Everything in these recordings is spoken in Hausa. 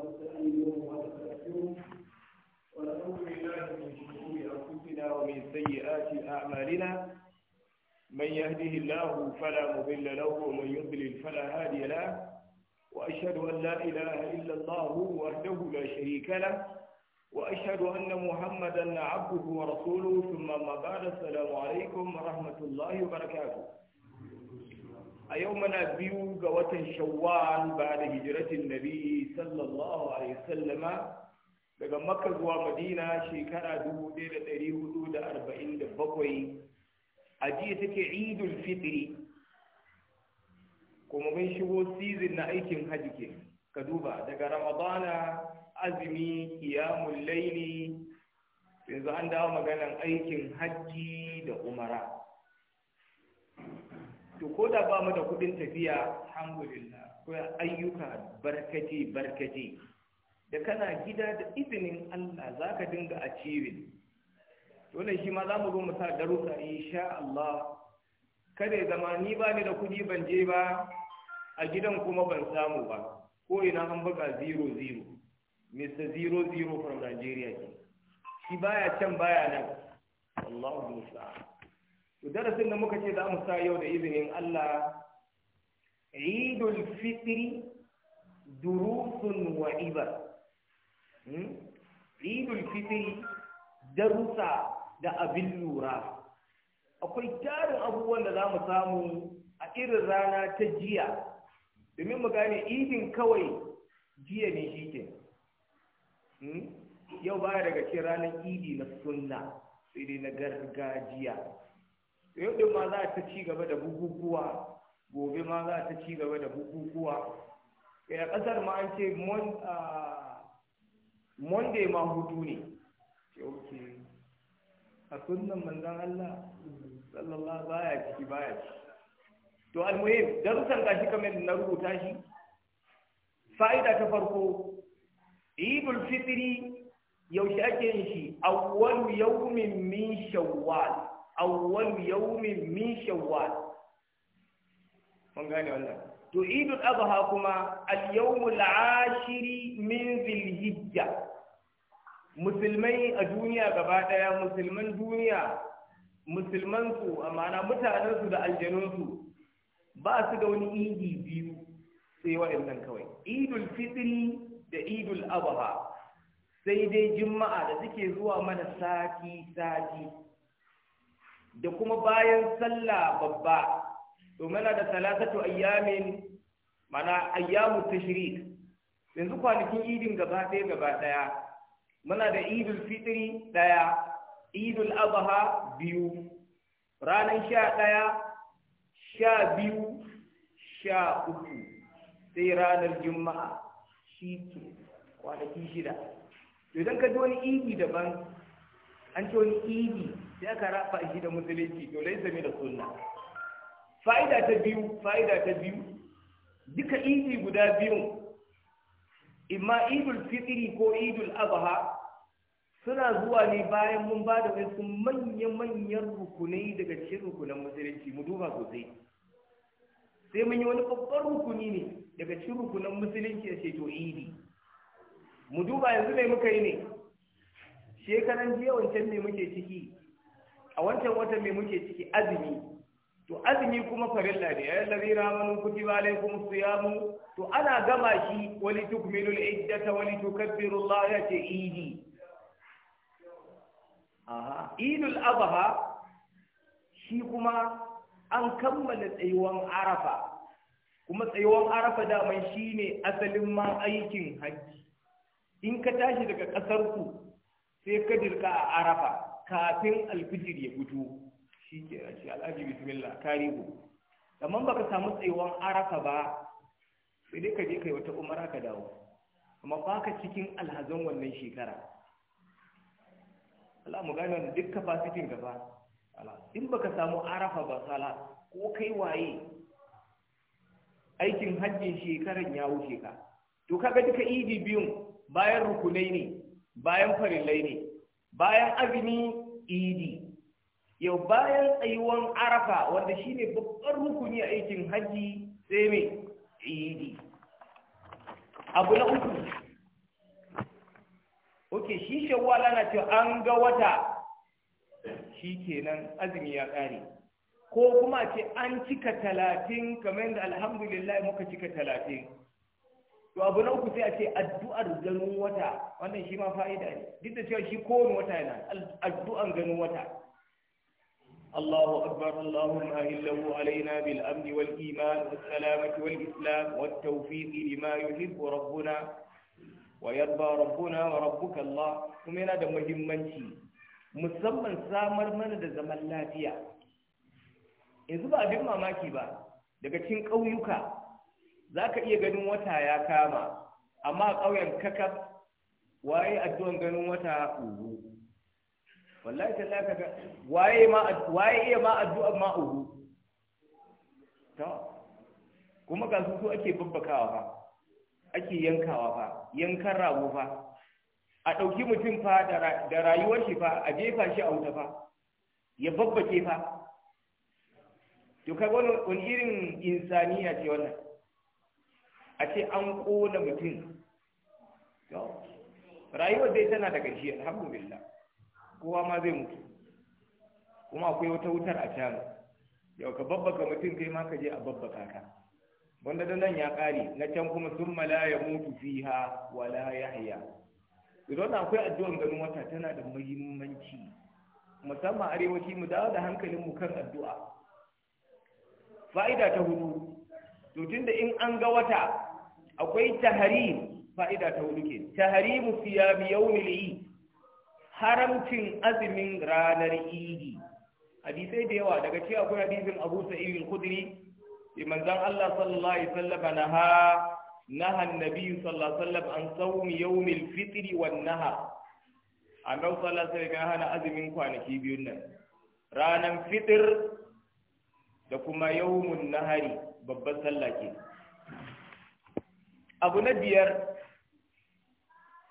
ونعوذ بالله من شرور انفسنا ومن سيئات اعمالنا من يهده الله فلا مضل له ومن يضلل فلا هادي له واشهد ان لا اله الا الله وحده لا شريك له واشهد ان محمدا عبده ورسوله ثم ما بعد السلام عليكم ورحمه الله وبركاته a yau muna biyu ga watan shawwal ba da hijiratin nabi sallallahu alaihi sallama daga makka zuwa madina shekara 1447 a jiya take idul fitri kuma mun shigo season na aikin hajji ke ka duba daga ramadana azumi qiyamul laili yanzu an dawo maganan aikin hajji da umara to ko da ba mu da kuɗin tafiya alhamdulillah ko ayyuka barkati barkati da kana gida da izinin Allah za ka dinga a ciwin dole shi ma za mu zo mu sa darussa insha Allah kada ya zama ni ba ni da kuɗi ban je ba a gidan kuma ban samu ba ko ina an buga zero zero Mr. zero zero from Nigeria ki shi baya can baya nan Allahu musta'an darasin da muka ce za mu sa yau da izinin Allah idul fitri durusun wa ibar hmm? idul fitri darusa da abin lura akwai tarin abubuwan da za mu samu a irin rana ta jiya domin mu gane idin kawai jiya ne shi ke hmm? yau baya daga ce ranar idi na sunna sai dai na gargajiya yau din ma za ta ci gaba da bukukuwa gobe ma za ta ci gaba da bukukuwa eh, a ƙasar ma an ce monday ma hutu ne ce a sunan manzan Allah sallallahu baya ciki baya ci. to almuhim darussan gashi kamar na rubuta shi fa'ida ta farko ibul fitri yaushe ake yin shi awwalu yawmin min shawwal awwal yawmin min shawwal mun gane wannan to idul adha kuma al yawmul ashiri min hijja musulmai a duniya gaba daya musulman duniya musulman su amana mutanen su da aljanun su ba su da wani idi biyu sai waɗannan kawai idul fitri da idul adha sai dai juma'a da suke zuwa mana sati sati da kuma bayan sallah babba to mana da salatatu ayyamin mana ayyamu tashrik yanzu kwanakin idin gaba ɗaya gaba ɗaya muna da idul fitri ɗaya idul adha biyu ranar sha ɗaya sha biyu sha uku sai ranar juma'a shi ke kwanaki shida idan ka ji wani idi daban an ce wani idi sai aka rafa shi da musulunci to laisa da sunna fa'ida ta biyu fa'ida ta biyu duka idi guda biyu imma idul fitri ko idul adha suna zuwa ne bayan mun ba da wasu manya-manyan rukunai daga cikin rukunan musulunci mu duba sosai sai mun yi wani babban rukuni ne daga cikin rukunan musulunci a ceto idi mu duba yanzu mai muka yi ne shekaran jiya wancan ne muke ciki a wancan watan mai muke ciki azumi to azumi kuma farilla ne ya lari ramanu kutiba alaikum siyamu to ana gama shi wali tukmin'ul iddata wali tukabbiru Allah ya ce idi aha idul adha shi kuma an kammala tsayuwan arafa kuma tsayuwan arafa da shi ne asalin ma aikin hajji in ka tashi daga ƙasarku sai ka dirka a arafa kafin alfijir ya fito shi ke shi alhaji bismillah karibu amma ka samu tsayuwan arafa ba sai dai ka je kai wata umara ka dawo amma ka cikin alhazan wannan shekara Allah mu gane duk capacity ka fa in baka samu arafa ba sala ko kai waye aikin hajjin shekaran ya wuce ka to kaga duka idi biyun bayan rukunai ne bayan farillai ne bayan azumi idi yau bayan tsayuwan arafa wanda shine babbar rukuni a aikin hajji sai mai idi abu na uku oke shi shawwal na cewa an ga wata shi kenan azumi ya ƙare ko kuma ce an cika talatin kamar yadda alhamdulillah muka cika talatin to abu na uku sai a ce addu'ar ganin wata wannan shi ma fa'ida ne duk da cewa shi kowane wata yana addu'an ganin wata الله أكبر اللهم أهله علينا بالأمن والإيمان والسلامة والإسلام والتوفيق لما يحب ربنا ويرضى ربنا وربك الله ومن هذا مهمنشي musamman samar mana da zaman lafiya yanzu ba abin mamaki ba daga cikin ƙauyuka za ka iya ganin wata ya kama amma a ƙauyen kakaf waye addu'an ganin wata uhu wallahi ta laka ga waye ma waye iya ma addu'an ma uhu to kuma ga su ake babbakawa fa ake yankawa fa yankan rago fa a ɗauki mutum fa da rayuwar shi fa a jefa shi a wuta fa ya babbake fa to kaga wani irin insaniya ce wannan a ce an ƙona mutum rayuwar dai tana da gashi alhamdulillah kowa ma zai mutu kuma akwai wata wutar a can yau ka babbaka mutum kai ma ka je a babbaka ka wanda da nan ya ƙari na can kuma sun mala ya mutu fiha wala ya haya idan akwai addu'an ganin wata tana da muhimmanci musamman arewaci mu dawo da hankalinmu kan addu'a fa'ida ta hudu to tunda in an ga wata akwai tahrim fa'ida ta hudu ke tahrimu siyami yawmil eid haramcin azumin ranar idi hadisai da yawa daga cewa akwai hadisin Abu Sa'id al-Khudri bi manzon Allah sallallahu alaihi wasallam naha na annabi sallallahu alaihi wasallam an sawmi yawmil fitr wan A annabi sallallahu ya hana azumin kwanaki biyun nan Ranar fitr da kuma yawmun nahari babban sallah kenan abu na biyar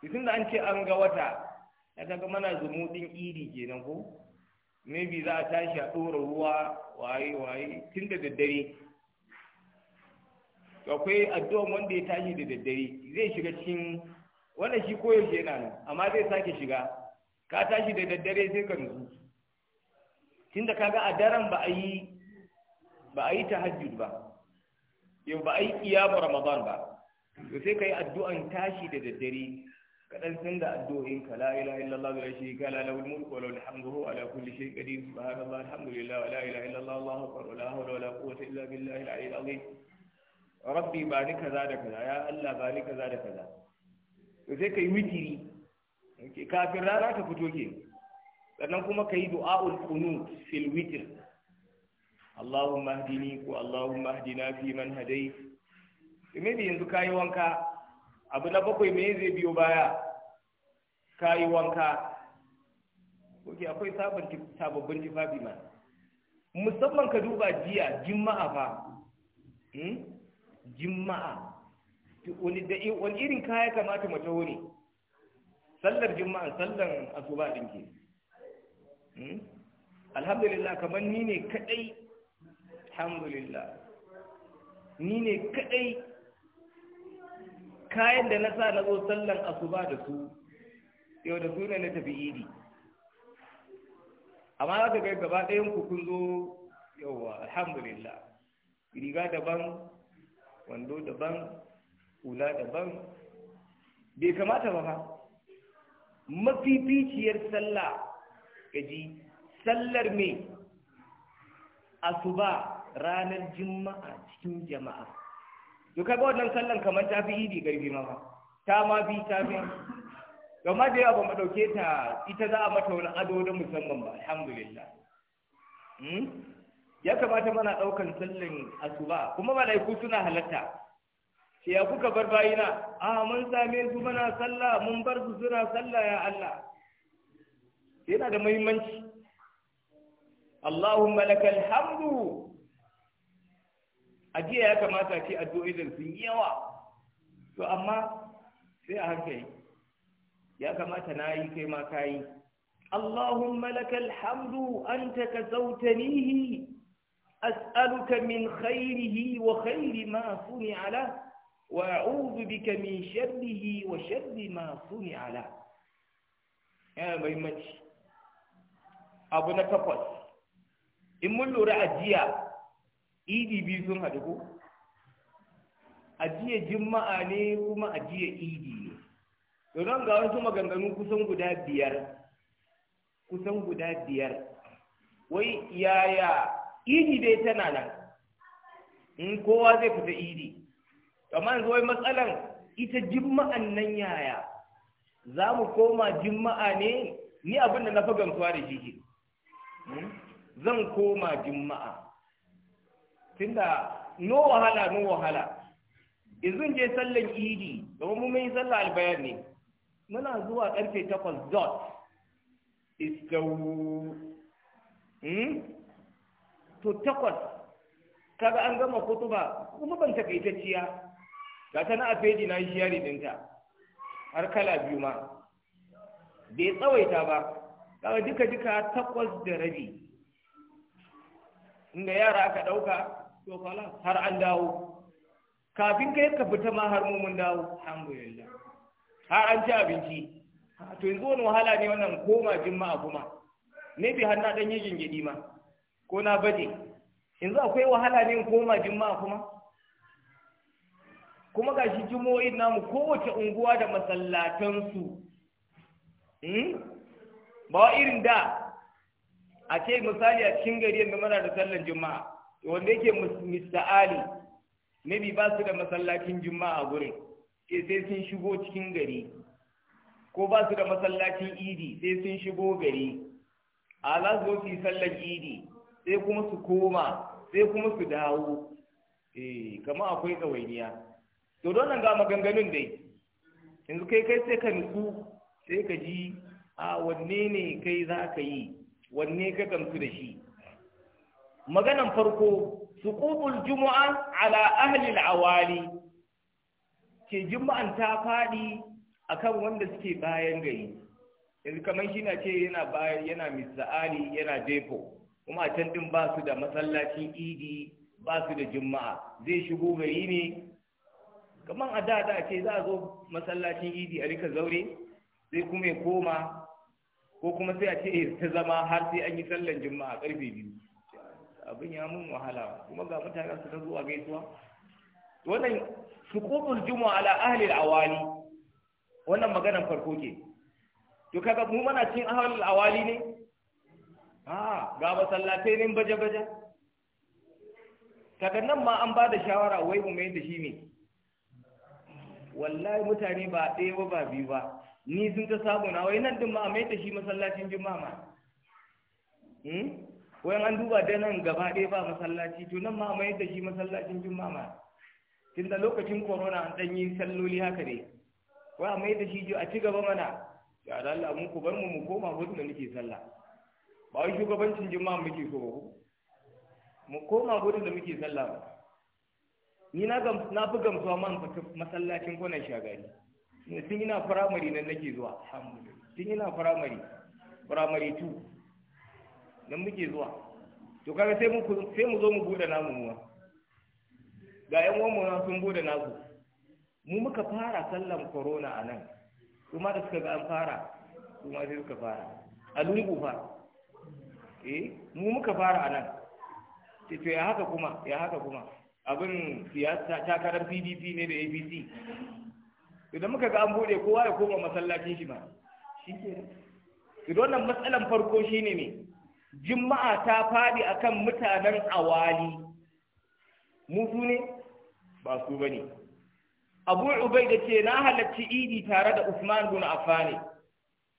tun da an ce an ga wata ya ga mana zumuɗin iri kenan ko maybe za a tashi a ɗora ruwa waye waye tun da daddare akwai addu'an wanda ya tashi da daddare zai shiga cikin wannan shi koyaushe yana nan amma zai sake shiga ka tashi da daddare sai ka nutsu tun da kaga a daren ba a yi ba a yi tahajjud ba yau ba a yi kiyamu ramadan ba to sai ka yi addu'an tashi da daddare kaɗan sun da addu'o'in ka la ilaha illallah wa shi ka la lahul mulku wa lahul hamdu wa ala kulli shay'in qadir subhanallah alhamdulillah wa la ilaha illallah allahu akbar wa la hawla wa la illa billahi al-aliyyil azim rabbi ba ni kaza da kaza ya allah ba ni kaza da kaza to sai ka yi witiri kafin rana ta fito ke sannan kuma ka yi du'a'ul qunut fil witr اللهم اهدني واللهم اهدنا فيمن هديت maybe yanzu ka yi wanka abu na bakwai me zai biyo baya ka yi wanka ok akwai sababbin tufafi ma musamman ka duba jiya jima'a fa hmm? jima'a wani irin kaya kamata mace wani sallar jima'a sallar asuba din ke hmm? alhamdulillah kamar ni ne kadai alhamdulillah ni ne kadai kayan da na sa na zo sallan asuba da su yau da su ne na tafi idi amma za ka ga gaba ɗayan ku kun zo yauwa alhamdulillah riga daban wando daban hula daban bai kamata ba ba mafificiyar sallah gaji sallar me asuba ranar juma'a cikin jama'a to kaga wannan sallan kamar ta fi idi garbi ma ta ma fi ta fi gama da yawa ba mu ɗauke ta ita za a mata wani ado da musamman ba alhamdulillah hmm? ya kamata mana ɗaukan sallan asuba kuma malaiku suna halatta ce ya kuka bar bayina a mun same su mana sallah mun bar su suna sallah ya Allah yana da muhimmanci Allahumma lakal hamdu a jiya ya kamata ce addu'o'in sun yi yawa to amma sai a hankali ya kamata na yi kai ma ka yi اللهم لك الحمد أنت كسوتنيه أسألك من خيره وخير ما صنع له وأعوذ بك من شره وشر ما صنع له يا مهمتي abu na takwas in mun lura a jiya idi biyu sun haɗu ko ajiye juma'a ne kuma ajiye idi ne domin ga wasu maganganu kusan guda biyar kusan guda biyar wai yaya idi dai tana nan in kowa zai fita idi amma yanzu wai matsalan ita juma'an nan yaya za mu koma juma'a ne ni abin da na fi gamsuwa da shi hmm? zan koma juma'a tunda no wahala no wahala izin je sallan idi domin mun yi sallah albayar ne muna zuwa karfe takwas dot istawu hmm? to takwas kaga an gama kutuba kuma ban takaitacciya ga ta na a feji na yari dinta har kala biyu ma bai tsawaita ba kaga duka duka takwas da rabi inda yara aka ɗauka to kala har an dawo kafin kai ka fita ma har mun dawo alhamdulillah har an ci abinci to yanzu wani wahala ne wannan koma juma'a kuma ne bi har na dan yin gingidi ma ko na baje yanzu akwai wahala ne koma juma'a kuma kuma ga shi jumo'in namu kowace unguwa da masallatansu hmm? ba irin da a ce misali a cikin gari yadda mana da sallan juma'a wanda yake mista'ali maybe ba su da masallacin juma'a gurin sai sai sun shigo cikin gari ko ba su da masallacin idi sai sun shigo gari a za su zo sallar idi sai kuma su koma sai kuma su dawo eh kama akwai ɗawainiya to don nan ga maganganun dai yanzu kai kai sai ka nutsu sai ka ji a wanne ne kai za ka yi wanne ka gamsu da shi maganan farko suqubul jumu'a ala ahli al'awali awali ce juma'an ta fadi akan wanda suke bayan gari yanzu kamar shi na ce yana bayan yana misali yana depo kuma can din ba su da masallacin idi ba su da juma'a zai shigo gari ne kamar a da da ce za a zo masallacin idi a rika zaure zai kuma ya koma ko kuma sai a ce ta zama har sai an yi sallan juma'a karfe biyu abin ya mun wahala kuma ga mutane su ta a gaisuwa wannan suqutul jumu'a ala ahli al-awali wannan maganar farko ke to kaga mu muna cin ahli al-awali ne a ga sallate ne baje baje kaga nan ma an bada shawara wai mu mai da shi ne wallahi mutane ba ɗaya ba ba biyu ba ni sun ta samu na wai nan din ma mai da shi masallacin juma'a ma hmm? wayan an duba da nan gaba ɗaya ba masallaci to nan ma a mayar da shi masallacin juma'a tun da lokacin corona an ɗan yi salloli haka ne wai a mayar da shi a ci gaba mana ya da Allah mun ku bar mu mu koma wurin da muke sallah ba wai shugabancin juma'a muke so ba mu koma wurin da muke sallah ba ni na gam na fi gamsuwa man masallacin kwanan shagari tun ina firamare nan nake zuwa alhamdulillah tun ina firamare firamare 2 nan muke zuwa to kaga sai mu sai mu zo mu bude namu muwa ga yan uwan mu sun bude nasu mu muka fara sallan corona a nan kuma da suka ga an fara kuma sai suka fara a lungu fa eh mu muka fara a nan to ya haka kuma ya haka kuma abin siyasa karar pdp ne da apc idan muka ga an bude kowa ya koma masallacin shi ma shi ke idan wannan matsalan farko shine ne juma'a ta faɗi a kan mutanen awali mutu ne ba su ba ne abu ubai da ce na halarci idi tare da usman bin affan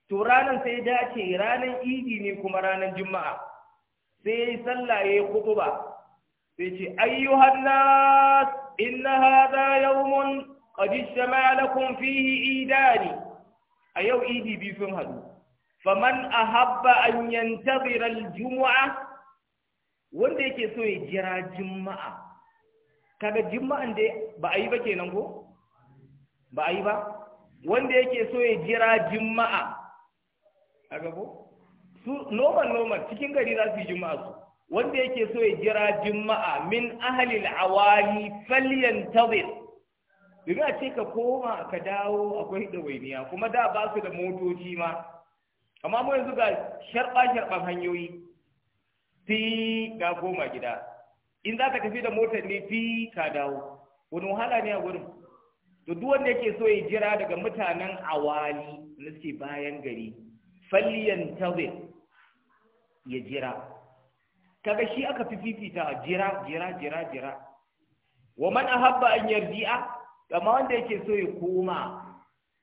to ranar sai dace ranar idi ne kuma ranar juma'a sai ya yi sallah ya yi kutuba sai ce ayyuhan nas inna hadha yawmun qad ijtama'a lakum fihi idani a yau idi biyu sun haɗu faman ahabba an yantazira aljumu'a wanda yake so ya jira juma'a kaga juma'an da ba a yi ba kenan ko ba a yi ba wanda yake so ya jira juma'a a gabo su normal normal cikin gari za su yi juma'a su wanda yake so ya jira juma'a min ahli alawali falyantazir domin a ce ka koma ka dawo akwai ɗawainiya kuma da ba su da motoci ma amma mu yanzu ga sharɓa sharɓan hanyoyi fi ga koma gida in za ka tafi da motar ne fi ka dawo wani wahala ne a gurin to duk wanda yake so ya jira daga mutanen awali na suke bayan gari falliyan tazir ya jira kaga shi aka fi fifita jira jira jira jira wa man ahabba an yarji'a amma wanda yake so ya koma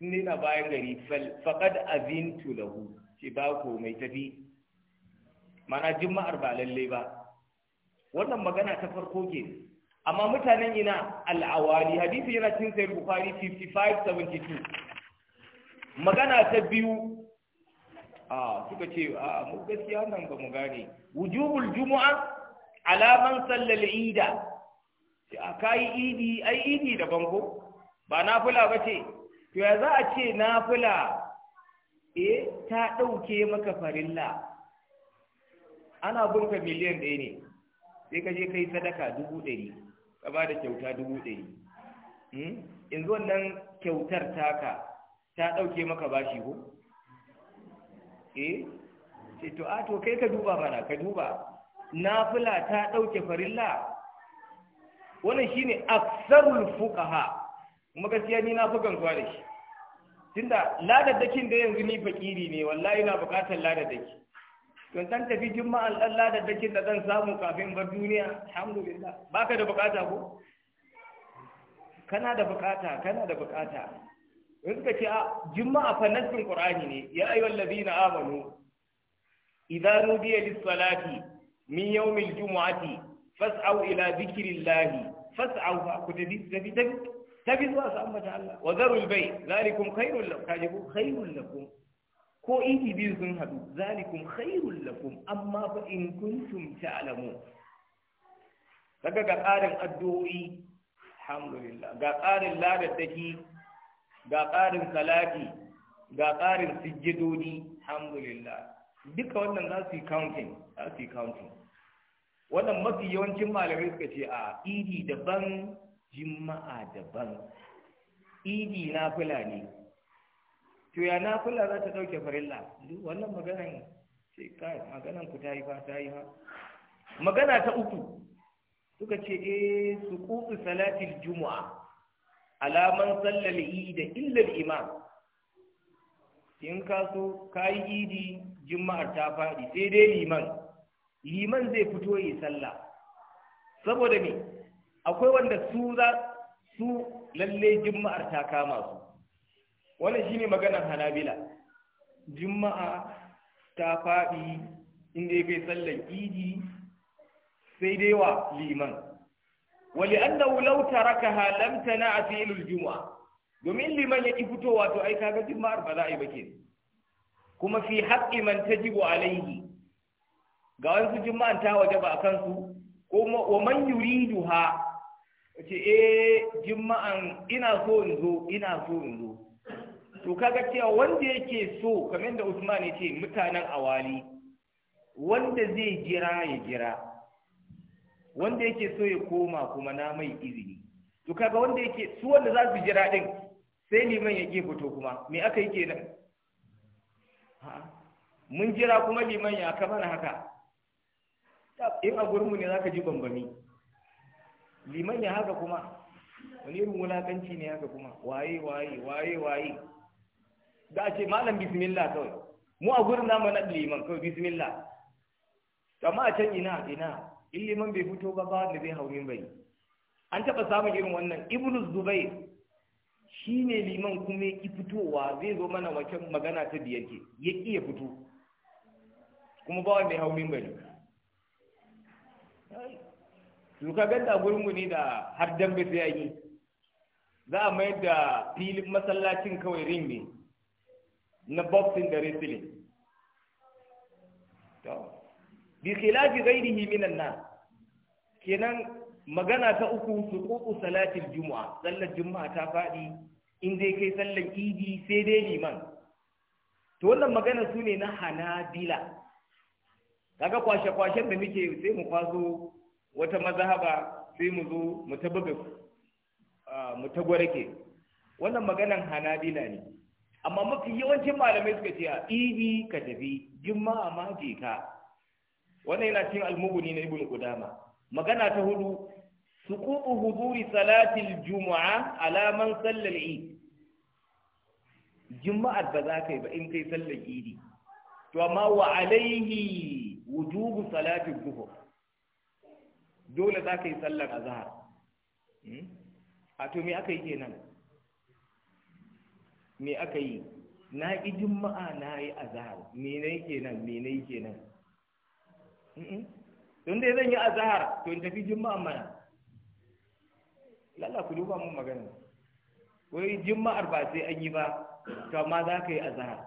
ne na bayan gari faqad abin lahu ce ba ko mai tafi mana juma'ar ba lalle ba wannan magana ta farko ke amma mutanen ina al'awali hadisi yana cin sayar bukari 5572 magana ta biyu a suka ce a mu gaskiya nan ba mu gane wujubul juma'a alaman sallal ida a kayi idi ai idi da bango ba nafila ba ce to ya za a ce nafila eh ta ɗauke maka farilla ana bunka miliyan ɗaya ne sai ka je ka yi sadaka dubu ɗari ka ba da kyauta dubu ɗari hmm? yanzu wannan kyautar taka ta ɗauke maka bashi ko eh sai to a to kai ka duba mana ka duba nafila ta ɗauke farilla wannan shine aksarul fuqaha kuma gaskiya ni na fi gamsuwa da shi tunda ladadakin da yanzu ni fakiri ne wallahi na bukatar ladadaki Don dan tafi juma'an dan ladadakin da zan samu kafin bar duniya alhamdulillah baka da bukata ko kana da bukata kana da bukata in suka ce a juma'a fa nassin qur'ani ne ya ayyuhal ladina amanu idza nudiya lis salati min yawmil jumu'ati fas'au ila dhikrillahi fas'au ku tafi tafi tafi zuwa su ambata Allah wa zarul bai zalikum khairul lakum kajibu khairul lakum ko inji biyu sun hadu zalikum khairul lakum amma fa in kuntum ta'lamun daga ga ƙarin addu'o'i alhamdulillah ga ƙarin ladaddaki ga ƙarin salati ga ƙarin sujjadodi alhamdulillah duka wannan za su yi counting za su yi counting wannan mafi yawancin malamai suka ce a idi daban jimma'a daban idi na fula ne to ya na fula za ta dauke farilla wannan maganan ce kai maganan ku ta yi fa ta yi fa magana ta uku suka ce eh su kuɓi ala man alaman sallar da illar imam in ka so ka yi idi juma'ar ta faɗi sai dai liman liman zai fito yi sallah saboda me akwai wanda su za su lalle juma'ar ta kama su wannan shine maganar hanabila jima'a ta faɗi inda ya kai idi sai dai wa liman wali annahu law tarakaha lam tana'a fi'lul juma'a domin liman ya ki fitowa to ai kaga juma'ar ba za a yi ba ke. kuma fi haƙƙi man tajibu alaihi ga wasu juma'an ta waje ba a kansu ko wa man yuriduha ce eh Juma'an ina so in zo ina so in zo to kaga cewa wanda yake so kamar da Usman ya ce mutanen awali wanda zai jira ya jira wanda yake so ya koma kuma na mai izini to kaga wanda yake su wanda za su jira din sai liman ya ke fito kuma me aka yi kenan mun jira kuma liman ya kamar haka in a gurmu ne zaka ji bambami liman ya haka kuma wani irin wulakanci ne haka kuma waye waye waye waye da a ce malam bismillah kawai mu a gurin namu na liman kawai bismillah kama a can ina ina in liman bai fito ba ba da zai hau bai an taɓa samun irin wannan ibnu zubai shi ne liman kuma ya ki fitowa zai zo mana wacan magana ta biyar ke ya ƙi ya fito kuma ba wanda ya hau bai su ka ganta gurin ne da har dambe sai yayi za a mayar da filin masallacin kawai ring ne na boxing da wrestling to bi khilafi ghairihi minan nas kenan magana ta uku su suqutu salatil jumu'a sallar juma'a ta fadi in dai kai sallar idi sai dai liman to wannan magana su ne na hanabila kaga kwashe kwashen da muke sai mu kwazo wata mazhaba sai mu zo mu ta buga mu ta gwarke wannan maganan hanabila ne amma mafi yawancin malamai suka ce a ibi ka tafi juma'a ma je ka wannan yana cikin almuguni na ibnu qudama magana ta hudu suqutu huduri salatil jumu'a ala man sallal eid ba za ka yi ba in kai sallar idi to amma wa alaihi wujubu salatin zuhur dole za ka yi sallar azahar hmm? a to me aka yi kenan me aka yi na idin ma'a na yi azahar me na yi kenan me na yi kenan hmm? don dai zan yi azahar to in tafi juma'a mana lalla ku duba mun magana wai juma'ar ba sai an yi ba to amma za ka yi azahar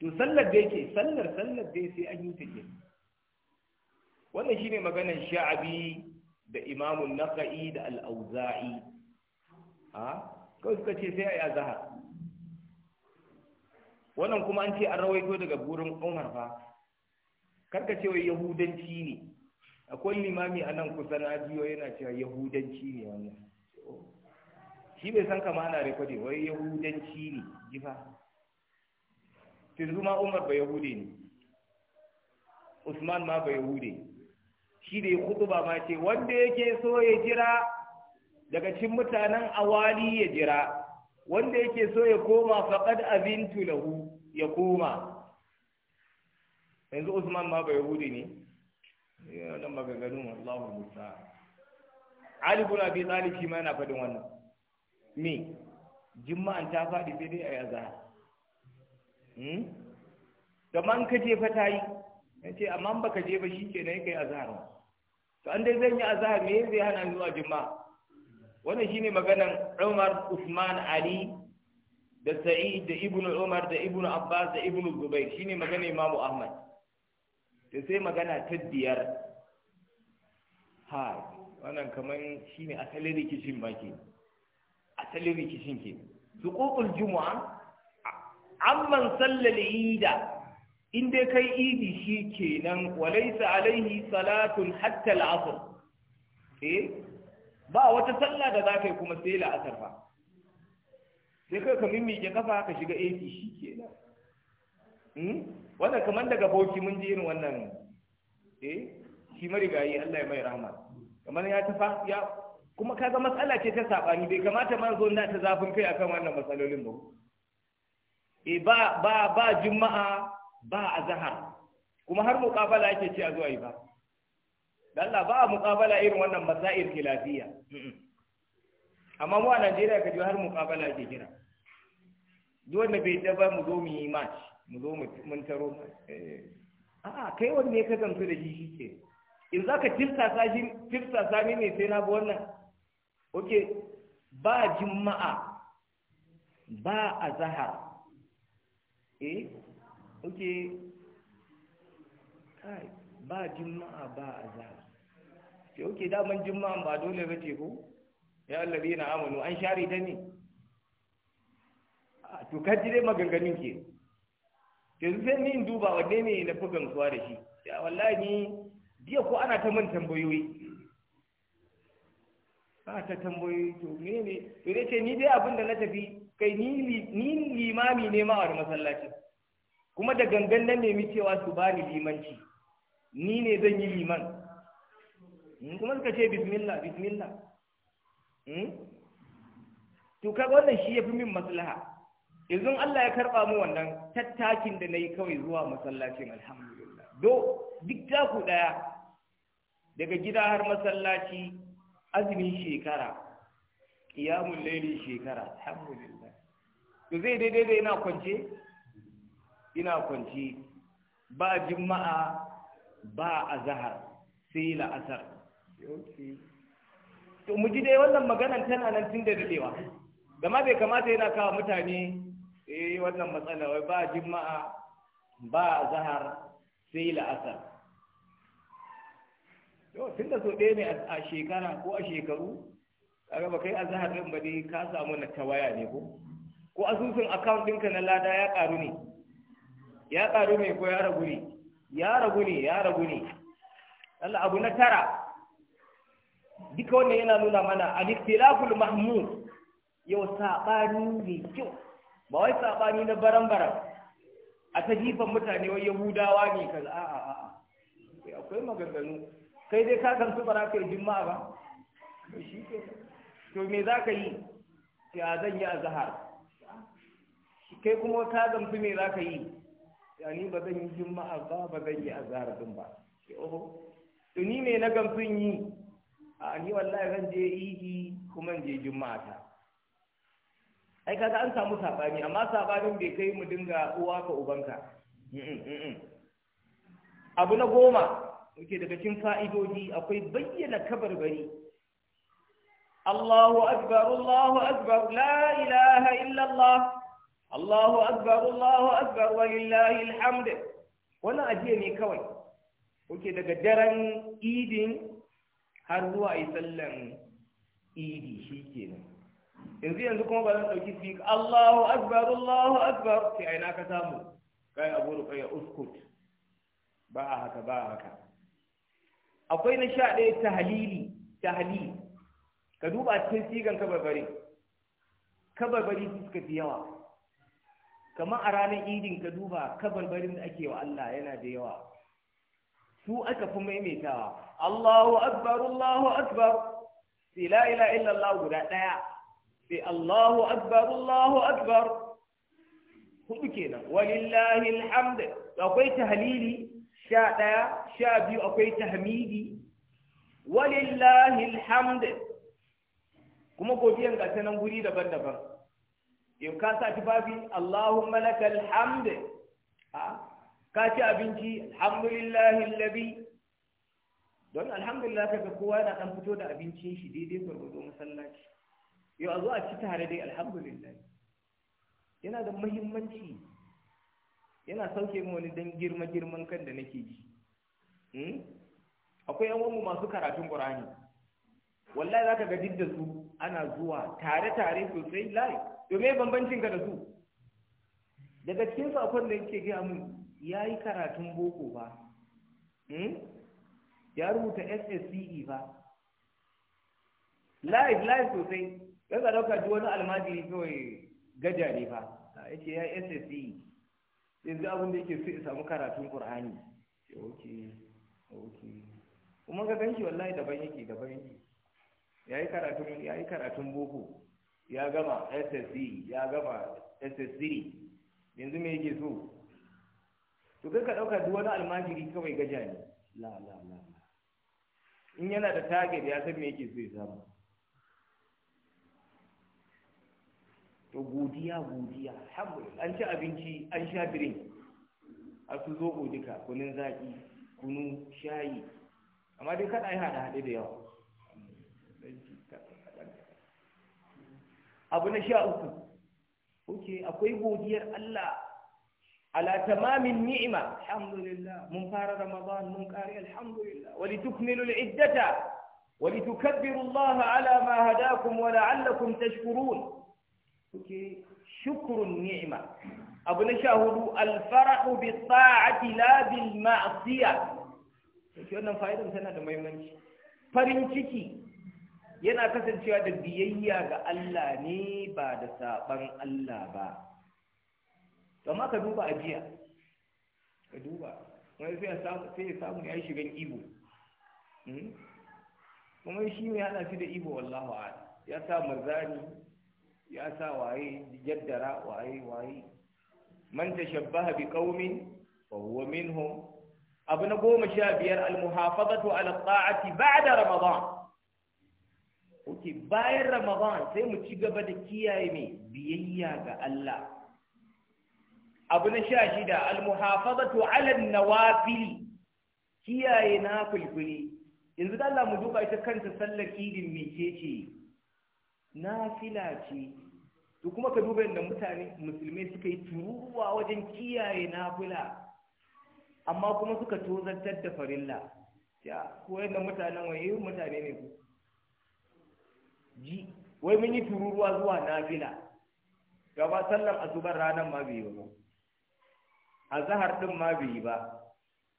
to sallar da yake sallar sallar dai sai an yi ta ke. wannan shine maganar sha'abi da imamun naqa'i da al-auza'i ha kawai suka ce sai ayi azhar wannan kuma an ce an rawaito daga burin Umar fa karka ce wai yahudanci ne akwai limami a nan kusa na biyo yana cewa yahudanci ne wannan shi bai san kama ana rekodin wai yahudanci ne jifa tunzu ma umar ba yahude ne usman ma ba yahude ne shi ya khutba ma ce wanda yake so ya jira daga cin mutanen awali ya jira wanda yake so ya koma faɗaɗ abin lahu ya koma yanzu Usman ma ba Yahudi ne ya eh, wannan maganganun Allahu musa alibun ibn Abi Talib shi ma yana faɗin wannan me juma'an ta faɗi sai dai a yaza hmm da man ka je fa tayi ce amma baka je ba yi kai azhar to an dai zan yi azhar me zai hana zuwa juma'a wannan shine maganan Umar Usman Ali da Sa'id da Ibn Umar da Ibn Abbas da Ibn Zubayr shine maganar Imam Ahmad to sai magana ta biyar ha wannan kaman shine asalin rikicin baki ke asalin rikicin ke suququl juma'a amman sallal ida in dai kai idi shi kenan walaisa alaihi salatun hatta al'asr eh ba wata sallah da zakai kuma sai la'asar fa sai kai ka mimmike kafa ka shiga AC shi kenan hmm wannan kaman daga bauchi mun ji irin wannan eh shi marigayi Allah ya mai rahama kamar ya tafa ya kuma kaga matsala ce ta sabani bai kamata ma zo na ta zafin kai akan wannan matsalolin ba eh ba ba ba juma'a ba a zahar kuma har muƙabala yake ce a zuwa yi ba Allah ba a muƙabala irin wannan masail khilafiya amma mu a Najeriya ka ji har muƙabala yake kira duk wanda bai da ba mu zo mu yi match mu zo mun taro eh, a'a kai wanne ka gamsu da shi shike in za tirsasa shi tirsasa ne sai na bi wannan okay ba jima'a ba zahar eh oke kai ba juma'a ba azhar ke oke daman juma'a ba dole ba ce ko ya allabi na amanu an share ta ne a tukar jire maganganun ke yanzu sai ni duba wanne ne na fi gamsuwa da shi ya wallahi biya jiya ko ana ta man tambayoyi ba ta tambayoyi to ne ne. to dai ce ni dai abinda na tafi kai ni limami ne ma a masallacin kuma da gangan na nemi cewa su bani limanci ni ne zan yi liman hmm, kuma suka ce bismillah bismillah hmm? to kaga wannan shi yafi min maslaha yanzu Allah ya karba mu wannan tattakin da nayi kawai zuwa masallacin alhamdulillah do duk ta ku daya daga gida har masallaci azumin shekara qiyamul layli shekara alhamdulillah to zai daidai da ina kwance ina kwanci ba juma'a ba azhar sai la'asar to mu ji dai wannan magana tana nan tun da dadewa gama bai kamata yana kawo mutane eh wannan matsala wai ba juma'a ba azhar sai la'asar to tun da so ɗaya ne a shekara ko a shekaru kaga ba kai azhar din ba dai ka samu na tawaya ne ko ko asusun account ɗinka na lada ya karu ne ya ƙaru mai ko ya ragu ne ya ragu ne ya ragu ne Allah abu na tara duka wannan yana nuna mana al-ikhtilaful mahmud yau sabani ne kyau ba wai sabani na baran-baran a ta jifan mutane wai yahudawa ne kaza a a a akwai maganganu kai dai ka gamsu ba za ka juma'a ba to shi ke to me za ka yi Ya zan yi azhar kai kuma ka gamsu me za ka yi yani ba zan yi juma'a ba ba zan yi azhar din ba ke oho to ni me na gamsun yi a ni wallahi zan je idi kuma in je juma'a ta ai kaga an samu sabani amma sabanin bai kai mu dinga uwa ka ubanka abu na goma muke daga cikin fa'idodi akwai bayyana kabarbari Allahu akbar Allahu akbar la ilaha illallah Allahu akbar Allahu akbar walillahi alhamd Wani ajiye ne kawai kuke daga daren idin har zuwa yi sallan idi shi shikenan yanzu yanzu kuma ba zan dauki speak Allahu akbar Allahu akbar sai a aina ka samu kai abu ruka ya uskut ba a haka ba a haka akwai na sha ɗaya tahlili tahlili ka duba cikin sigan kabarbari kabarbari suka fi yawa kamar a ranar idin ka duba kabarbarin da ake wa Allah yana da yawa su aka fi maimaitawa Allahu akbar Allahu akbar sai la ilaha illallah guda daya sai Allahu akbar Allahu akbar hudu kenan walillahi alhamd akwai tahlili sha daya sha biyu akwai tahmidi walillahi alhamd kuma godiyan ga sanan guri daban-daban in ka sa tufafi Allahumma lakal hamd ka ci abinci alhamdulillahi allazi don alhamdulillah kaga kowa yana dan fito da abincin shi daidai gurgudo masallaci yau a zo a ci tare dai alhamdulillah yana da muhimmanci yana sauke mu wani dan girma girman kan da nake ji hmm? akwai yan uwanmu masu karatun qur'ani wallahi ka ga duk da su ana zuwa tare tare sosai lai to me bambancin ka da su daga cikin su akwai da yake gaya mun yayi karatun boko ba hmm? ya rubuta SSCE ba live live sosai ya ka dauka ji wani almajiri kawai gaja ne fa ya ce ya SSCE sai ga abin da yake so ya samu karatun Qur'ani Ok, oke oke kuma ga ganshi wallahi daban yake daban yake ya yi karatun ya yi karatun boko ya gama ssc ya gama ssc yanzu me yake so to kai ka ɗauka duk wani almajiri kawai gaja ne la la la in yana da target ya san me yake so ya samu to godiya godiya alhamdulillah an ci abinci an sha drink a su zo duka kunun zaki kunu shayi amma dai kada ai hada hade da yawa abu na sha uku kuke akwai godiyar Allah ala tamamin ni'ima alhamdulillah mun fara ramadan mun kare alhamdulillah wali tukmilu al'iddata wali tukabbiru Allah ala ma hadakum wa la'allakum tashkurun kuke shukrun ni'ima abu na sha hudu alfarahu bi ta'ati la bil ma'siyah kuke wannan fa'idan tana da muhimmanci farin ciki yana kasancewa da biyayya ga Allah ne ba da saɓan Allah ba amma ka duba a jiya ka duba wani sai ya samu ya shigan ibo hmm? kuma shi ne hana shi da ibo wallahu a'ala ya sa marzani ya sa waye jaddara waye waye man tashabbaha bi qaumin fa huwa minhum abu na goma sha biyar al muhafazatu ala ta'ati ba'da ramadan ok bayan ramadan sai mu ci gaba da kiyaye mai biyayya ga Allah abu na sha shida almuhafazatu ala nawafil kiyaye na kulkuli yanzu da Allah mu duba ita kanta sallar idin mecece nafila ce to kuma ka duba yadda mutane musulmai suka yi turuwa wajen kiyaye nafila amma kuma suka tozartar da farilla ya ko yadda mutanen waye mutane ne ku ji wai mun yi tururuwa zuwa nafila gaba sallar asubar ranar ma bai yi ba a zahar din ma bai yi ba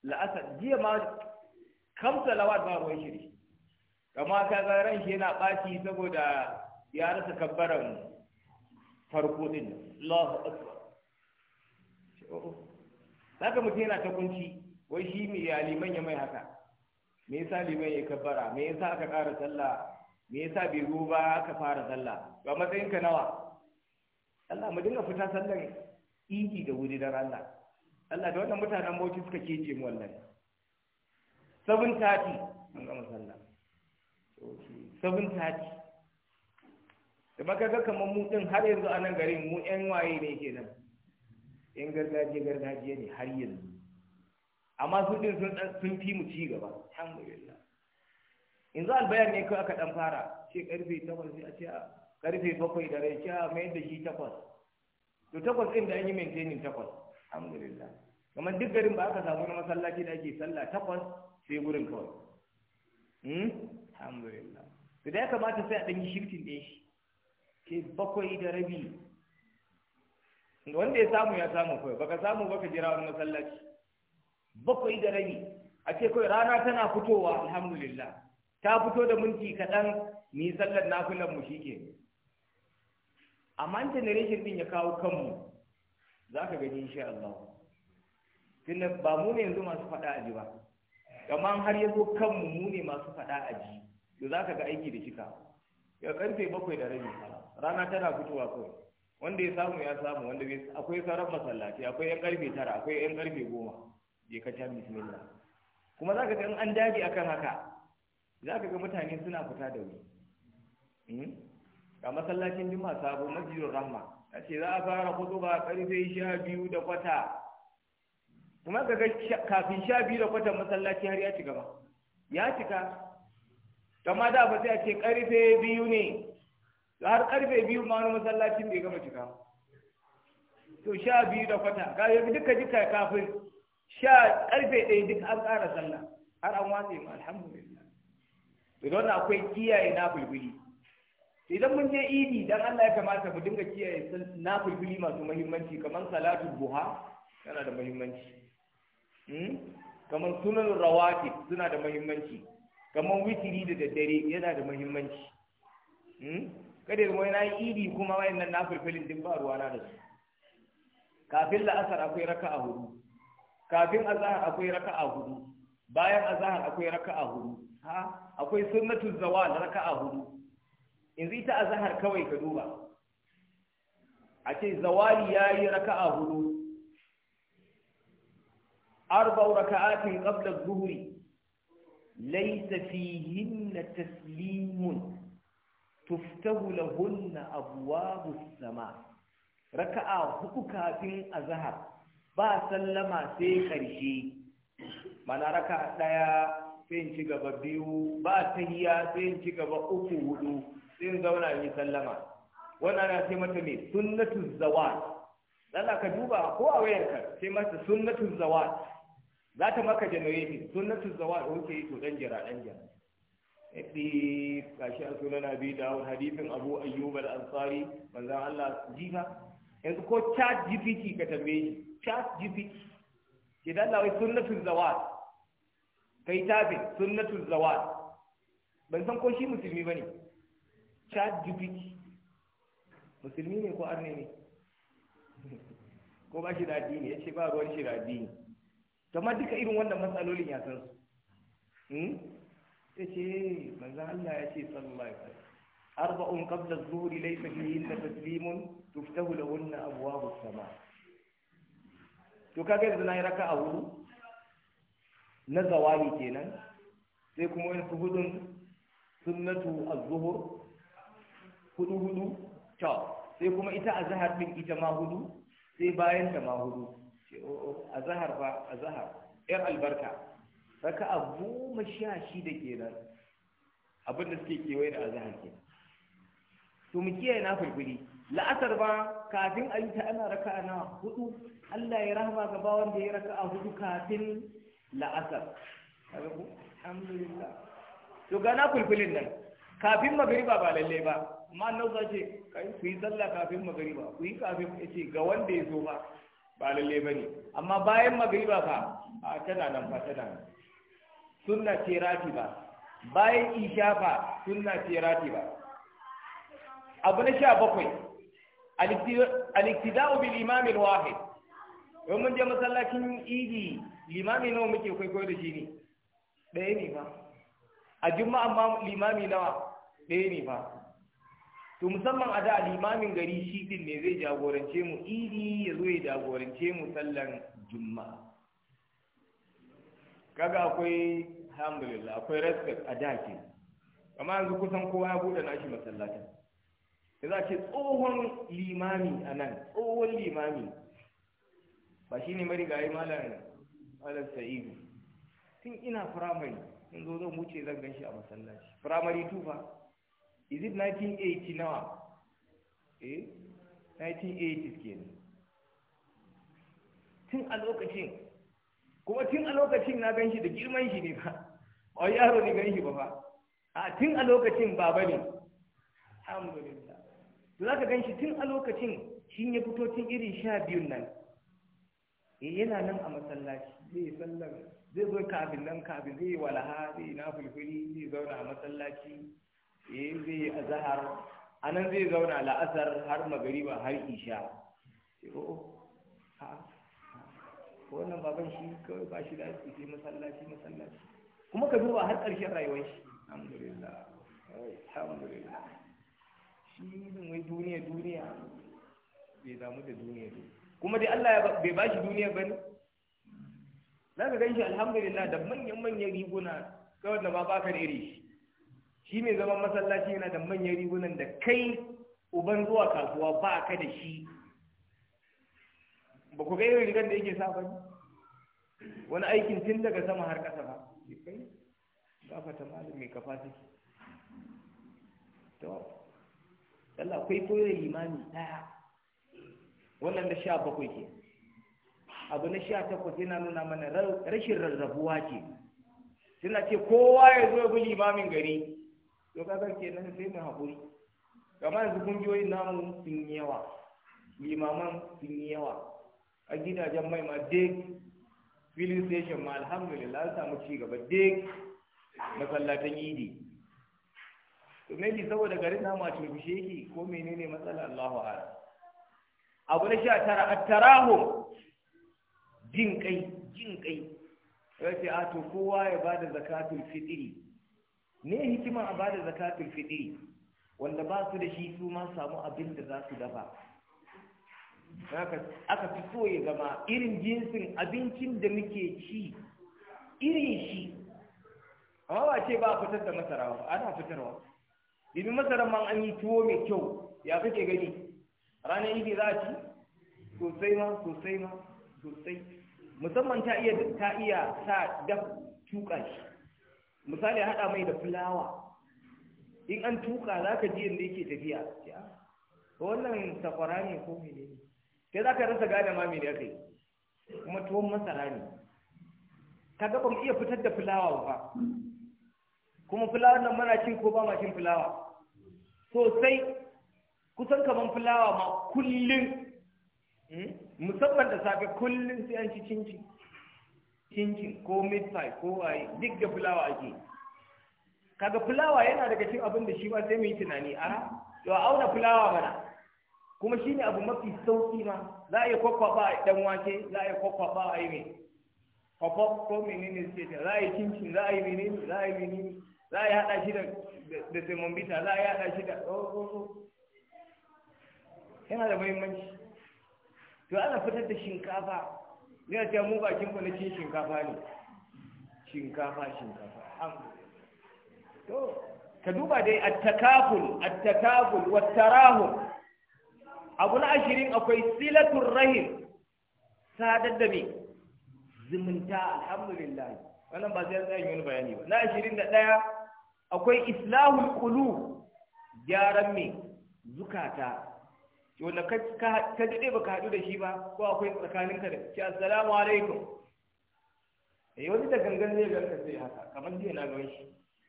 la'asar jiya ma kamsa lawat ma ruwan shiri kama ka ga ran shi yana ɓaci saboda ya rasa kabbaran farko din Allahu akbar Saka oh. mutum yana ta kunci wai shi mai ya liman ya mai haka me yasa liman ya kabbara me yasa aka ƙara sallah me yasa bai zo ba ka fara sallah ba matsayin ka nawa Allah mu dinga fita sallan idi da wuri da Allah Allah da wannan mutanen bauchi suka kece mu wallahi 7:30 an gama sallah 7:30 da baka ga kamar mu din har yanzu a nan garin mu yan waye ne kenan yan gargajiya gargajiya ne har yanzu amma su din sun fi mu ci gaba alhamdulillah yanzu albayan ne kawai aka dan fara ce karfe takwas sai a ce karfe ah, bakwai da rai ce a ah, mayar da shi takwas to takwas ɗin da an yi maintaining takwas alhamdulillah kamar duk garin ba aka samu na masallaci da ake sallah takwas sai gurin kawai hmm? alhamdulillah to da ya kamata sai a ɗan yi shifting ɗin shi Ke bakwai da rabi wanda ya samu ya samu kawai baka samu baka jira wani masallaci bakwai da rabi a ce kawai rana tana fitowa alhamdulillah ta fito da minti kaɗan mu sallar nafilan mu shike amma in generation din ya kawo kanmu za ka gani insha Allah tunda ba mu ne yanzu masu faɗa aji ba amma har ya zo kanmu mu ne masu faɗa aji to za ka ga aiki da shika ya karfe bakwai da rabi rana tana fitowa kawai wanda ya samu ya samu wanda akwai sauran masallaci akwai yan karfe tara akwai yan karfe goma je ka ta bismillah kuma za ka ga an dage akan haka za ka ga mutane suna fita da wuri ga hmm? masallacin juma'a sabo majiyar rahma a ce za a fara kutuba karfe sha biyu da kwata kuma ga kafin sha biyu da kwata masallaci har ya cika ba ya cika kama da ba sai a ce karfe biyu ne har karfe biyu ma wani masallacin bai gama cika to sha biyu da kwata ga yanzu duka jika kafin sha karfe ɗaya duk an ƙara sallah har an watse ma alhamdulillah idan akwai kiyaye na bulbuli idan mun je idi dan Allah ya kamata mu dinga kiyaye na bulbuli masu muhimmanci kamar salatul duha yana da muhimmanci hmm? kamar sunan rawatib suna da muhimmanci kamar witiri da daddare yana da muhimmanci hmm? kada mu yana idi kuma wayannan na bulbulin din ba ruwa na da su kafin la'asar akwai raka'a hudu kafin azhar akwai raka'a hudu bayan azahar akwai raka'a hudu ha akwai sunnatul zawal raka'a hudu yanzu ita azahar kawai ka duba a ce zawali yayi raka'a hudu arba raka'atin qabla adh-dhuhri laysa fihin taslimun tuftahu lahunna abwabus sama raka'a hudu kafin azahar ba sallama sai karshe mana raka ɗaya sai in ci gaba biyu ba ta tahiya sai in ci gaba uku hudu sai in zauna yi sallama wannan na sai mata ne sunnatu zawal Allah ka duba ko a wayarka sai mata sunnatu zawar. za ta maka ne sunnatu zawal wuce yi to dan jira dan jira ɗi kashi a sunan abi da hadifin abu ayyub al-ansari manzon Allah jiha yanzu ko chat gpt ka tambaye chat gpt idan Allah wai sunnatul zawal kai tafin sunnatul zawal ban san ko shi musulmi bane chat gpt musulmi ne ko arne ne ko ba shi da addini yace ba ruwan shi da addini kamar duka irin wannan matsalolin ya san su hmm? yace manzo Allah yace sallallahu alaihi wasallam أربع قبل laysa fihi illa taslimun tuftahu لهن أبواب sama. to kaga yanzu na yi raka a hudu na zawali kenan sai kuma wani hudun sunnatu az-zuhur hudu hudu ta sai kuma ita azhar din ita ma hudu sai bayan ta ma hudu oh, oh, azhar fa azhar yar albarka raka'a goma shi da kenan abin da suke kewaye da azhar kenan to mu kiyaye na fulfuli la'asar ba kafin a yi ta ana raka'a na hudu Allah ya rahama ga bawan da ya raka'a hudu kafin la'asar kaga ku alhamdulillah to gana kulkulin nan kafin magariba ba lalle ba amma annabi sa ce kai ku yi sallah kafin magariba ku yi kafin ce ga wanda ya zo ba ba lalle ne amma bayan magariba fa a tana nan fa tana nan sunna ce ba, bayan isha fa sunna ce ba abu na sha bakwai aliktida'u bil imam al-wahid mun je masallacin idi limami nawa muke kwaikwayo da shi ne ɗaya ne ba a juma'a ma limami nawa ɗaya ne ba to musamman a da limamin gari shi din ne zai jagorance mu idi ya zo ya jagorance mu sallan juma'a kaga akwai alhamdulillah akwai respect a da ke amma yanzu kusan kowa ya buɗe nashi masallacin da za ce tsohon limami a nan tsohon limami ba shi ne yi malam malam sa'idu tun ina firamare in zo zan wuce zan gan shi a masallaci firamare tufa is it 1980 nawa eh 1980 kenan tun a lokacin kuma tun a lokacin na gan shi da girman shi ne ba a yaro ne gan shi ba fa a tun a lokacin baba ne alhamdulillah to za ka gan shi tun a lokacin shi ya fito tun irin sha biyun nan E, yana nan a masallaci zai sallar zai zo kafin nan kafin zai walaha zai na fulfuli zai zauna a masallaci eh zai a zahar a nan zai zauna la'asar har magariba har isha sai ko ha wannan baban shi kawai ba shi da sai masallaci masallaci kuma ka duba har ƙarshen rayuwar shi alhamdulillah alhamdulillah shi ne duniya duniya bai damu da duniya duniya kuma dai Allah bai ba shi duniya ba ne za ka gan shi alhamdulillah da manyan-manyan riguna kawai da ba ba da iri shi mai zaman masallaci yana da manyan rigunan da kai uban zuwa kasuwa ba ka da shi ba ku ga irin rigar da yake sa ne wani aikin tun daga sama har ƙasa ba kai gafa ta malam mai kafa to Allah akwai koyar imani ɗaya wannan da sha bakwai ke abu na sha takwas yana nuna mana rashin rarrabuwa ce suna ce kowa ya zo ya bi limamin gari to kaga kenan sai mu haƙuri kamar yanzu kungiyoyin namu sun yi yawa limaman sun yi yawa a gidajen mai ma dek filin station ma alhamdulillah an samu ci gaba dek masallatan idi to maybe saboda garin namu a turbishe yake ko menene matsalar Allahu ala abu na sha tara attarahum jin kai jin kai sai a to kowa ya bada zakatun fitiri ne hikima a ba da zakatun fitiri? wanda ba su da shi su ma samu abin da za su dafa aka fi so ya zama irin jinsin abincin da muke ci irin shi amma ba ce ba a fitar da masara ba ana fitarwa domin masara man an yi tuwo mai kyau ya kake gani ranar idi za a ci sosai ma sosai ma sosai musamman ta iya ta iya sa da tuka shi misali haɗa mai da fulawa in an tuka za ka ji yadda yake tafiya wannan safara ne ko mene ne sai za ka rasa gane ma mene aka yi kuma tuwon masara ne ka ga iya fitar da fulawa ba kuma fulawar nan mana cin ko ba ma cin fulawa sosai kusan kaman fulawa ma kullum hmm, musamman da safe kullum sai an ci cincin cincin ko mid ko waye duk da fulawa ake kaga fulawa yana daga cikin abin da shi ma sai mu yi tunani a to auna fulawa mana kuma shine abu mafi sauki ma za a yi kwakwaba a dan wake za a yi kwakwaba a yi mai kwakwa ko menene suke ta za a yi cincin za a yi menene za a yi menene za a yi hada shi da da semon bita za a yi hada shi da oh, oh, oh. yana da muhimmanci to ana fitar da shinkafa ne ta mu bakin ku na cin shinkafa ne shinkafa shinkafa to ka duba dai at-takaful at-takaful wa tarahu abu na ashirin akwai silatul rahim sadar da me zumunta alhamdulillah wannan ba zai tsaya yin bayani ba na ashirin da ɗaya akwai islahul qulub gyaran me zukata wanda ka daɗe ba ka haɗu da shi ba ko akwai tsakaninka da ce assalamu alaikum eh wani da gangan zai garka sai haka kamar jiya na gaban shi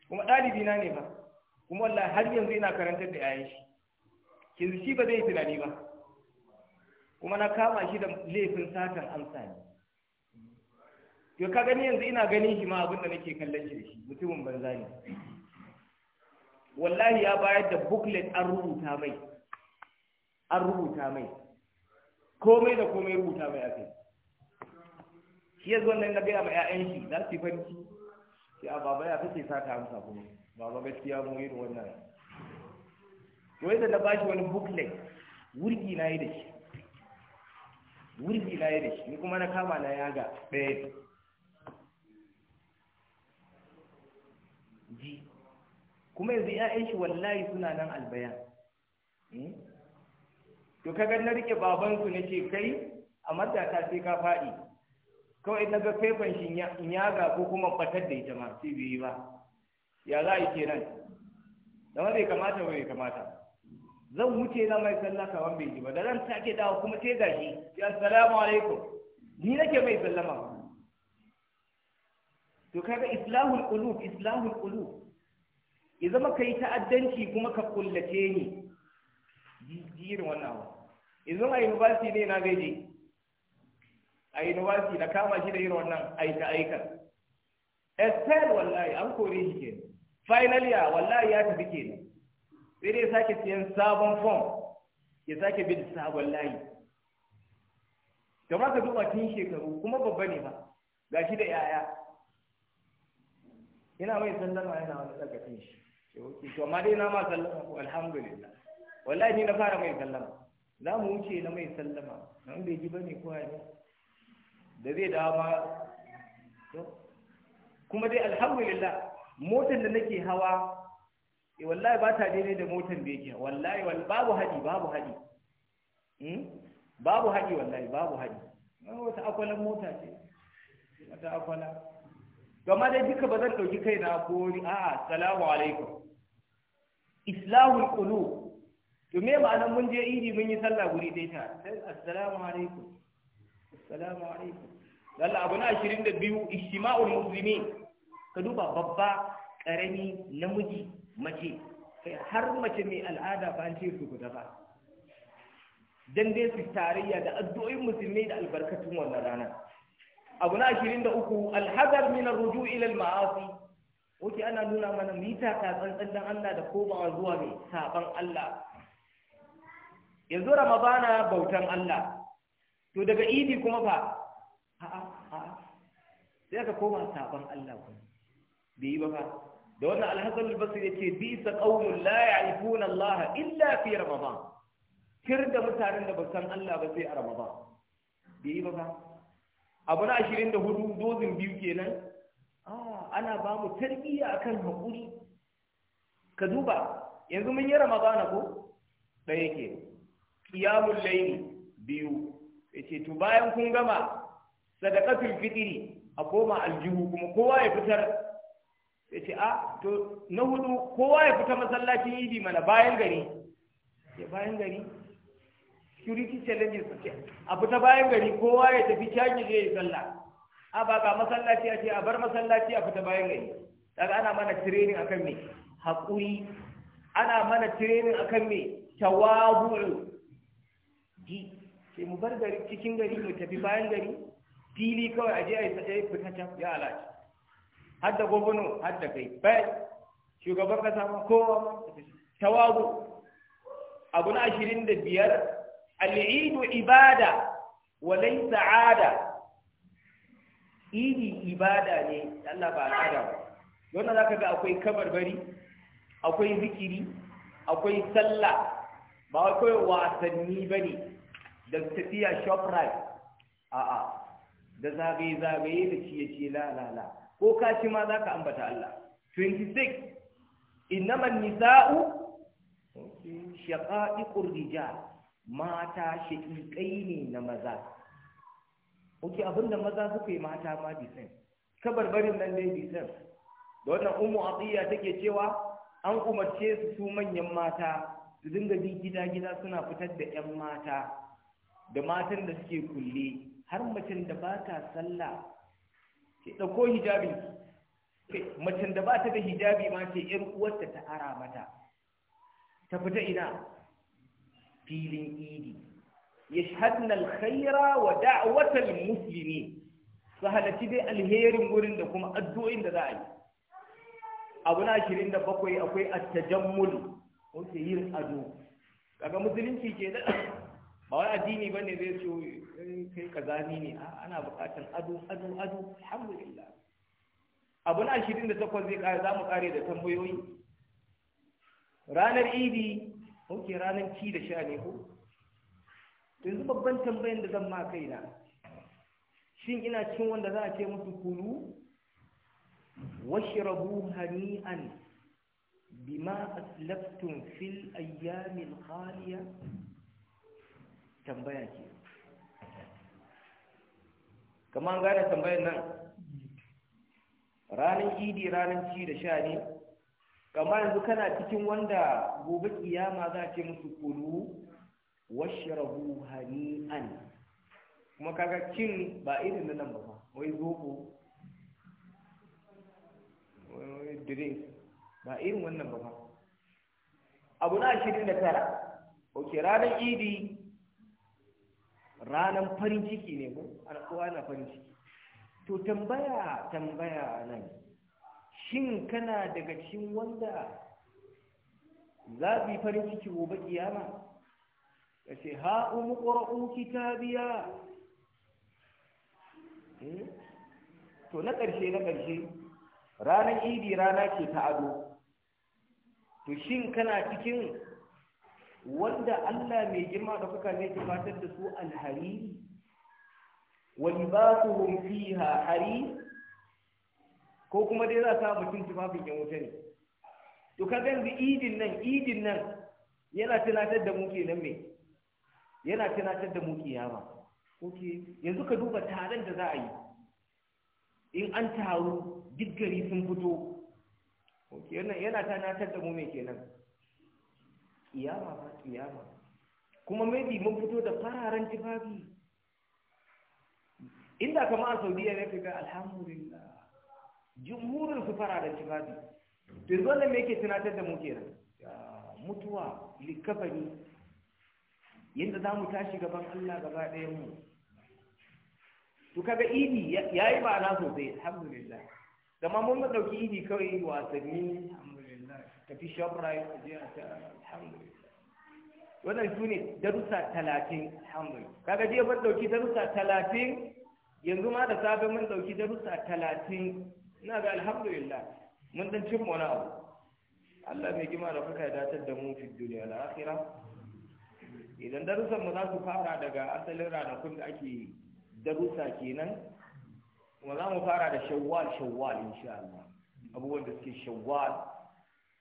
kuma ɗalibi na ne ba kuma wallahi har yanzu ina karantar da yayan shi Kin shi ba zai tunani ba kuma na kama shi da laifin satan amsa ne to ka gani yanzu ina ganin shi ma abin da nake kallon shi da shi mutumin banza ne wallahi ya bayar da booklet an rubuta mai an rubuta mai komai da komai rubuta mai akai shi yanzu wannan na gaya ma 'ya'yan shi za su yi farci. sai a ah, baba ya sai sa ta amsa kuma baba gaskiya mu yi wannan wai da na bashi wani booklet wurgi na yi da shi wurgi na yi da shi ni kuma na kama na yaga ɗaya ji kuma yanzu 'ya'yan shi wallahi suna nan albayan hmm? to kaga na rike baban na nace kai a matata sai ka faɗi kawai na ga faifan shi nyaga ko kuma batar da ita ma sai bai yi ba ya za a yi kenan zama bai kamata ba bai kamata zan wuce na mai sallah wan bai ji ba da zan sake dawo kuma sai gashi ya salamu alaikum ni nake mai sallama to kaga islahul qulub islahul qulub ya zama yi ta'addanci kuma ka kullace ni jirin wannan abu izin a university ne na gaji a university na kama shi da irin wannan aika aika estelle wallahi an kore shi ke final year wallahi ya tafi ke sai dai sake siyan sabon form ya sake bin sabon layi kamar ka duba tun shekaru kuma babba ne ba shi da yaya ina mai sallama yana wani tsarkakin shi to amma dai na ma sallama alhamdulillah wallahi ni na fara mai sallama za mu wuce na mai sallama nan bai ji ba ne ko ne da zai dawa ba kuma dai alhamdulillah motar da nake hawa e wallahi ba ta daidai da motar da yake wallahi babu haɗi babu haɗi hmm? babu haɗi wallahi babu haɗi wata akwalan mota ce wata akwala gama dai duka ba zan ɗauki kaina ko ni a'a salamu alaikum islahul qulub to me ma'anar mun je idi mun yi sallah guri ɗaya ta assalamu alaikum assalamu alaikum lalla abu na ashirin da biyu ishtima'ul musulmi ka duba babba ƙarami namiji mace kai har mace mai al'ada ba an ce su guda ba dan dai su tarayya da addu'o'in musulmi da albarkatun wannan rana abu na ashirin da uku alhazar min arruju ila al-ma'asi oke ana nuna mana mita ka tsantsan dan Allah da komawa zuwa mai saban Allah yanzu ramadana bautan Allah to daga idi kuma fa a'a a'a sai ka koma sabon Allah ku. bai yi ba fa da wannan alhassan albasir yake bisa ƙaunin la ya'rifuna Allah illa fi ramadan kir da mutanen da ba san Allah ba sai a ramadan bai yi ba fa abu na ashirin da hudu dozin biyu kenan ah, ana ba mu tarbiyya akan hakuri ka duba yanzu mun yi ramadana ko ɗaya ke qiyamul layli biyu yace to bayan kun gama sadaqatul fitri a koma aljihu kuma kowa ya fitar yace a ah, to na hudu kowa ya fita masallacin idi mana bayan gari ya bayan gari security challenges ce a fita bayan gari kowa ya tafi caji zai yi sallah a ah, ba ga masallaci a ce a bar masallaci a fita bayan gari daga ana mana training akan me hakuri. ana mana training akan me tawazu'u di sai mu bar gari cikin gari mu tafi bayan gari fili kawai aje a yi sa tsaye fita can ya alaci har da gwamnati har da kai bai shugaban kasa ma kowa tawazu abu na ashirin da biyar al'idu ibada wa laysa ada idi ibada ne Allah ba al'ada ba wannan zaka ga akwai kabarbari akwai zikiri akwai sallah ba akwai wasanni bane da tafiya shoprite a'a da zagaye-zagaye da ciye-ciye la ko ka ci ma za ka ambata Allah 26 innamal nisa'u shaqaiqur rijal mata kai ne na maza oke abinda maza suka yi mata ma Ka barbarin nan dai bisan da wannan ummu aqiya take cewa an umarce su su manyan mata su dinga bi gida-gida suna fitar da 'yan mata da matan da suke kulle har macen da ba ta sallah ke ɗauko hijabi macen da ba ta da hijabi ma ce ‘yar uwarta ta ara mata ta fita ina filin idi yashhadna alkhaira wa da'watal Musulmi su halarci dai alherin wurin da kuma addu'o'in da za a yi abu na ashirin da bakwai akwai attajammul wasu yin ado kaga musulunci ke da ba wai addini ba ne zai so in kai kazani ne ana bukatan ado ado ado alhamdulillah abu na ashirin da takwas zai kare, za mu kare da tambayoyi ranar idi ok ranar ci da sha ne ko yanzu babban tambayan da zan ma na shin ina cin wanda za a ce musu kulu washrabu hani'an bima aslaftum fil ayyamin haliya tambaya ke kamar gane tambayar nan ranar idi ranar ci da sha ne kamar yanzu kana cikin wanda gobe kiyama za ce musu kulu washe washrabu hani'an kuma kaga cin ba irin na nan ba ba wai zoko wai drink ba irin wannan ba ba abu na shirin da tara ok ranar idi ranan farin ciki ne ko ana kowa farin ciki to tambaya tambaya nan shin kana daga cikin wanda za farin ciki gobe kiyama ka ce ha umu ƙura'u kitabiya hmm? to na ƙarshe na ƙarshe ranar idi rana ce ta ado to shin kana cikin wanda Allah mai girma da kuka zai tufatar da su alhari wa libasuhum fiha hari ko kuma dai za ka mutum tufafin yan wuta ne to ka ga bi idin nan idin nan yana tunatar da mu kenan me yana tunatar da mu kiyama okay yanzu ka duba taron da za a yi in an taru diggari sun fito okay yana tunatar da mu me kenan kiyama ba kiyama kuma maybe mun fito da fararen tufafi inda kama a saudiya ne ka ga alhamdulillah jumhurin su fararen tufafi to yanzu wannan me yake tunatar da mu kenan mutuwa likafani yadda za mu tashi gaban Allah gaba ɗayan mu to kaga idi ba ma'ana sosai alhamdulillah zama mun ɗauki idi kawai wasanni tafi shoprite ka je a alhamdulillah wannan su ne darussa talatin alhamdulillah kaga je ban dauki darussa talatin yanzu ma da safe mun dauki darussa talatin ina ga alhamdulillah mun dan cin wani abu Allah mai gima da kuka datar da mu fi duniya da akhira idan darussan mu za su fara daga asalin ranakun da ake darussa kenan kuma za mu fara da shawwal shawwal insha Allah abubuwan da suke shawwal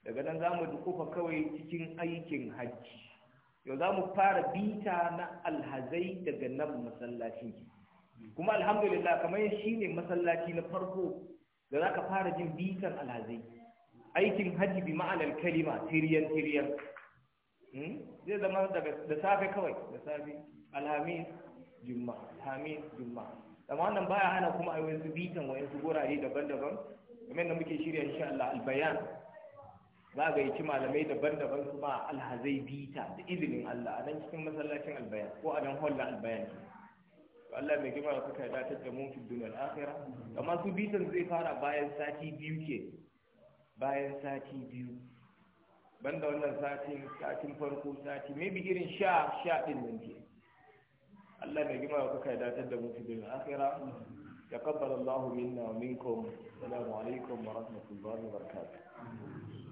daga nan za mu dukufa kawai cikin aikin hajji yau za mu fara bita na alhazai daga nan masallacin kuma alhamdulillah kamar shi ne masallaci na farko da za ka fara jin bitan alhazai aikin hajji bi ma'anar kalima tiriyan tiriyan hmm? zai zama da safe kawai da safe alhamis juma alhamis juma amma wannan baya hana kuma a yi yanzu bitan wa yansu gurare daban-daban kamar da muke shirya insha Allah albayan za ga yi malamai daban-daban su kuma alhazai bita da izinin Allah a nan cikin masallacin albayan ko a nan holla albayan to Allah mai girma ka kai datar da mun fi na akira. amma su bitan zai fara bayan sati biyu ke bayan sati biyu banda wannan satin satin farko sati mai bi irin sha sha din nan ke Allah mai girma ka kai datar da mun fi duniyar akhira تقبل الله منا ومنكم السلام wa ورحمة الله وبركاته